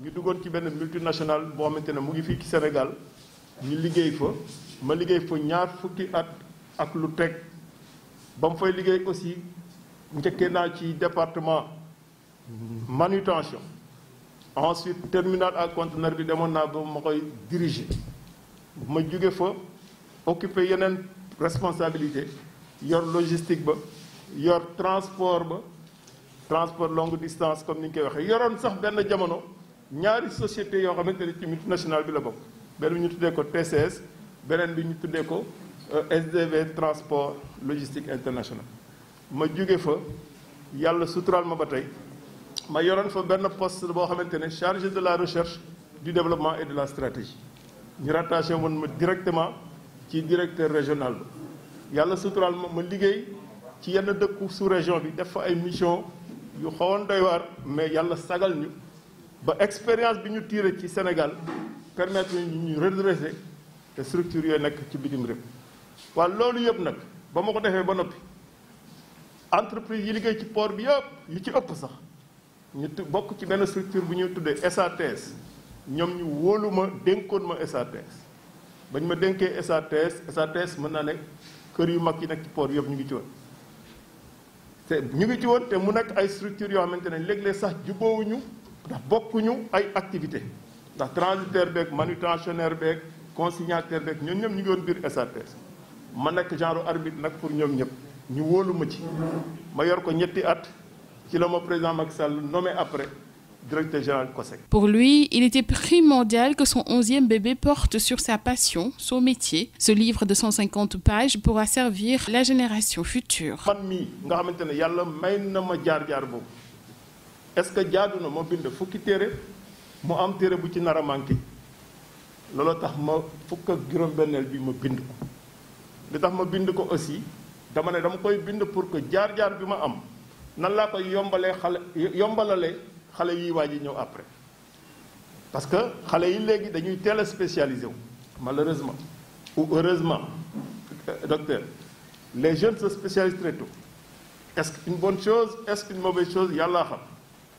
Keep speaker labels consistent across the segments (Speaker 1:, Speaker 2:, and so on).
Speaker 1: ñu duggoon ci benn multinational boo xamante ne mu ngi fii ci Sénégal ñu liggéey fa ma liggéey fa ñaar fukki at ak lu teg ba fay liggéey aussi njëkkee naa ci département manutention ensuite terminal à conteneur bi demoon naa ba ma koy diriger ma jóge fa occuper yeneen responsabilité yor logistique ba yor transport ba transport longue distance comme ni ñu koy waxee yoroon sax benn jamono ñaari société yoo xamante ne ci multinational bi la bokk benn ñu tuddee ko TCS beneen bi ñu tuddee ko euh, SDV transport logistique international ma jóge fa yàlla suturaal ma ba tey ma yoroon fa benn poste boo xamante ne chargé de la recherche du développement et de la stratégie ñu rattaché woon ma directement ci directeur régional ba yàlla suturaal ma ma liggéey ci yenn dëkku sous région bi def fa ay mission yu xawoon doy waar mais yàlla sagal ñu ba expérience bi ñu tiire ci Sénégal permettre ñu ñu redresser te structure yooyu nekk ci bitim réew waaye loolu yëpp nag ba ma ko defee ba noppi entreprise yi liggéey ci poor bi yëpp yi ci ëpp sax ñu tu bokk ci benn structure bu ñuy tuddee SATS ñoom ñu wóolu ma dénkoon ma SATS bañ ma dénkee SATS SATS mën naa ne kër yu mag yi nekk ci port yëpp ñu ngi ci woon te ñu ngi ci woon te mu nekk ay structures yoo xamante ne léeg-léeg sax jubboowuñu ndax ñu ay activité ndax transitaire beeg manutentionnaire beeg consignataire beeg ñoom ñëpp ñu ngi woon biir SRTS man nekk genre arbitre nag pour ñoom ñëpp ñu wóolu ma ci ma yor ko ñetti at ci la ma président Macky Sall nommé après directeur général COSEC.
Speaker 2: Pour lui, il était primordial que son onzième bébé porte sur sa passion, son métier. Ce livre de 150 pages pourra servir la génération future.
Speaker 1: man nga xamante ne yàlla ma jaar jaar boobu est-ce que j'ai na ma bind fukki téere mu bu ci manqué tax ak bi ko li tax ko aussi dama ne dama koy bind pour que jaar-jaar bi ma am nan laa koy yombalee xale yombalalee xale yi après parce que xale yi léegi dañuy spécialisé malheureusement ou heureusement euh, docteur les jeunes se spécialisent très tôt est-ce une bonne chose est-ce une mauvaise chose yàllaa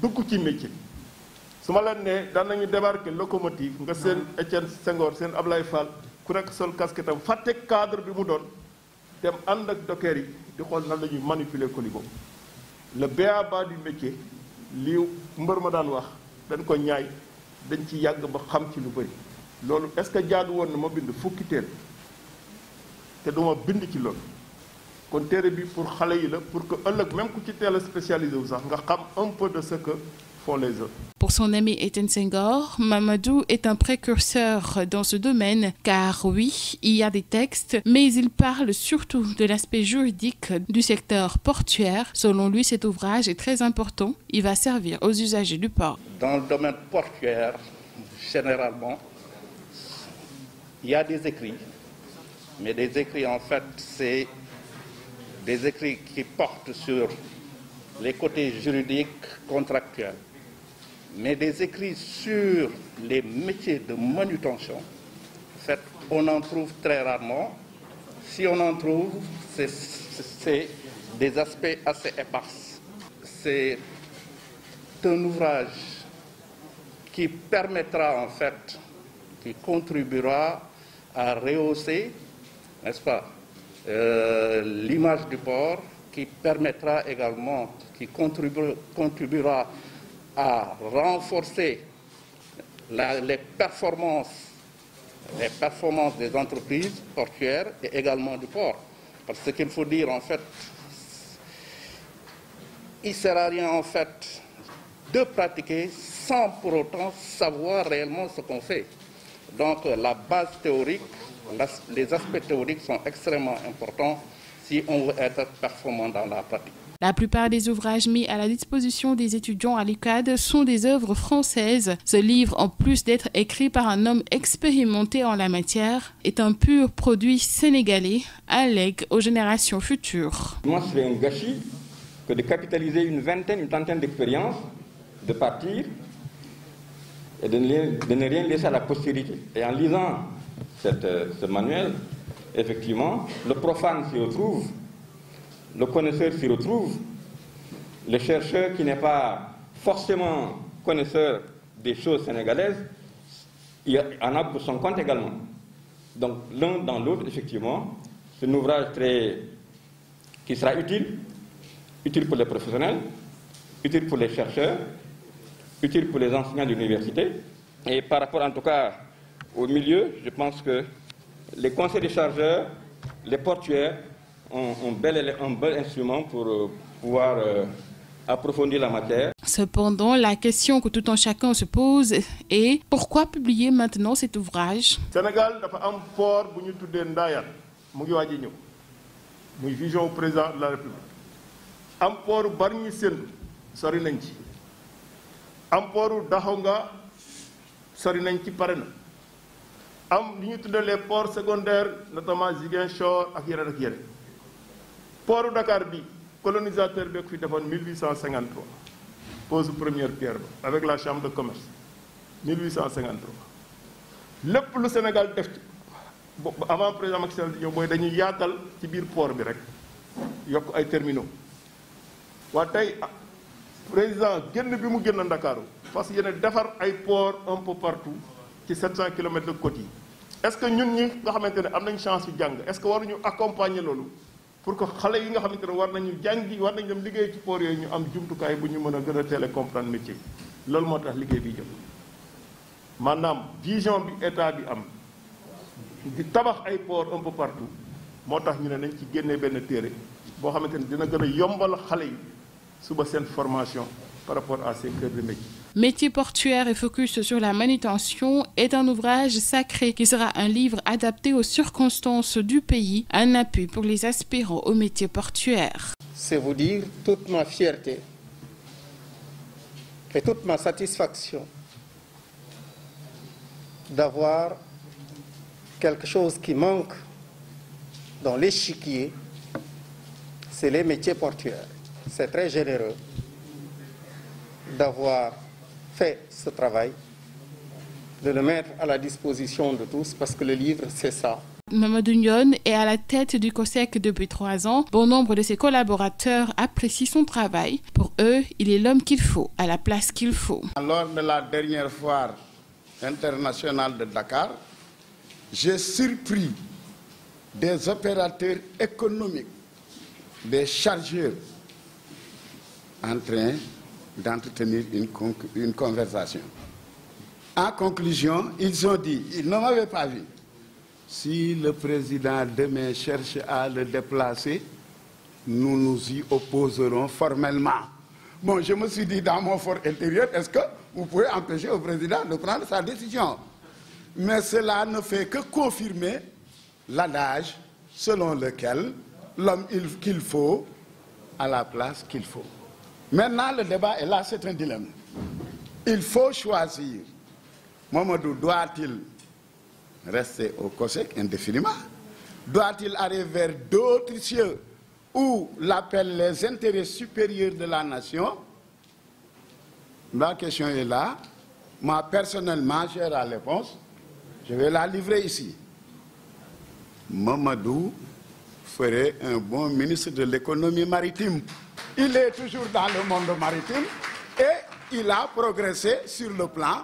Speaker 1: dugg ci métier su ma leen nee daan danañu débarquer locomotive nga seen ah. Étienne Senghor seen Ablaye Fall ku rekk sol casquette am fàtte cadre bi mu doon dem ànd ak docker yi di xool nan la ñuy manipuler colis boobu le b.a.-ba du li mbër ma daan wax dañ ko ñaay dañ ci yàgg ba xam ci lu bëri loolu est-ce que jaadu woon na ma bind fukki teel te duma bind ci lool pour que un peu de ce que font les autres.
Speaker 2: Pour son ami Etienne Senghor, Mamadou est un précurseur dans ce domaine car oui, il y a des textes, mais il parle surtout de l'aspect juridique du secteur portuaire. Selon lui, cet ouvrage est très important. Il va servir aux usagers du port.
Speaker 3: Dans le domaine portuaire, généralement, il y a des écrits, mais des écrits en fait, c'est des écrits qui portent sur les côtés juridiques contractuels, mais des écrits sur les métiers de manutention, on en trouve très rarement. Si on en trouve, c'est des aspects assez épars. C'est un ouvrage qui permettra en fait, qui contribuera à rehausser, n'est-ce pas, euh, l'image du port qui permettra également, qui contribuera à renforcer les performances les performances des entreprises portuaires et également du port. Parce qu'il faut dire, en fait, il ne sert à rien, en fait, de pratiquer sans pour autant savoir réellement ce qu'on fait. Donc, la base théorique les aspects théoriques sont extrêmement importants si on veut être performant dans la pratique.
Speaker 2: La plupart des ouvrages mis à la disposition des étudiants à l'UCAD sont des œuvres françaises. Ce livre, en plus d'être écrit par un homme expérimenté en la matière, est un pur produit sénégalais, à aux générations futures. Moi,
Speaker 4: serait un gâchis que de capitaliser une vingtaine, une trentaine d'expériences, de partir et de ne rien laisser à la postérité. Et en lisant cette, euh, ce manuel, effectivement, le profane s'y retrouve, le connaisseur s'y retrouve, le chercheur qui n'est pas forcément connaisseur des choses sénégalaises, il en a pour son compte également. Donc l'un dans l'autre, effectivement, c'est un ouvrage très, qui sera utile, utile pour les professionnels, utile pour les chercheurs, utile pour les enseignants de l'université et par rapport en tout cas au milieu, je pense que les conseils des chargeurs, les portuaires ont un bel, un bel instrument pour euh, pouvoir euh, approfondir la matière.
Speaker 2: Cependant, la question que tout un chacun se pose est pourquoi publier maintenant cet ouvrage
Speaker 1: Sénégal dafa un port bu ñu tuddee Ndayane mu ngi waaj a muy vision président de la République am port Bargny Sendou sori nañ ci am sori am les ports secondaires notamment Ziguinchor ak yeneen port yeneen Dakar bi colonisateur de ko fi 1853 pose première pierre avec la chambre de commerce 1853 Le lu Sénégal Avant avant président Maxime, il y avait mooy dañuy yaatal ci port bi rek ay terminaux waa ah, président génn bi mu génn Ndakaaru parce que defar ay ports un peu partout qui ci 700 km de côté. est-ce que ñun ñi nga xamante ne am nañ chance yu jàng est-ce que waruñu accompagner loolu pour que xale yi nga xamante ne war nañu jàngi war nañ dem liggéey ci port yooyu ñu am jumtukaay bu ñu mën a gën a teel a comprendre métier loolu moo tax liggéey bi jëm maanaam vision bi état bi am di tabax ay port un peu partout moo tax ñu ne nañ ci génnee benn téere boo xamante ne dina gën a yombal xale yi suba seen formation par rapport à ces cœurs de métier
Speaker 2: Métier portuaire et focus sur la manutention est un ouvrage sacré qui sera un livre adapté aux circonstances du pays, un appui pour les aspirants au métier portuaire.
Speaker 3: C'est vous dire toute ma fierté et toute ma satisfaction d'avoir quelque chose qui manque dans l'échiquier, c'est les métiers portuaires. C'est très généreux d'avoir fait ce travail, de le mettre à la disposition de tous, parce que le livre, c'est ça.
Speaker 2: Mamadou Nyon est à la tête du COSEC depuis trois ans. Bon nombre de ses collaborateurs apprécient son travail. Pour eux, il est l'homme qu'il faut, à la place qu'il faut.
Speaker 5: Lors de la dernière foire internationale de Dakar, j'ai surpris des opérateurs économiques, des chargeurs en train d'entretenir une, conversation. En conclusion, ils ont dit, ils ne m'avaient pas vu. Si le président demain cherche à le déplacer, nous nous y opposerons formellement. Bon, je me suis dit dans mon fort intérieur, est-ce que vous pouvez empêcher le président de prendre sa décision Mais cela ne fait que confirmer l'adage selon lequel l'homme qu'il faut a la place qu'il faut. Maintenant, le débat est là, c'est un dilemme. Il faut choisir. Mamadou doit-il rester au COSEC indéfiniment Doit-il aller vers d'autres cieux où l'appellent les intérêts supérieurs de la nation La question est là. Moi, personnellement, j'ai la réponse. Je vais la livrer ici. Mamadou ferait un bon ministre de l'économie maritime. Il est toujours dans le monde maritime et il a progressé sur le plan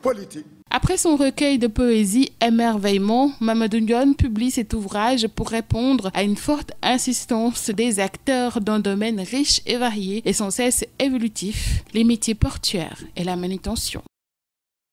Speaker 5: politique.
Speaker 2: Après son recueil de poésie Émerveillement, Mamadou Ndiaye publie cet ouvrage pour répondre à une forte insistance des acteurs d'un domaine riche et varié et sans cesse évolutif, les métiers portuaires et la manutention.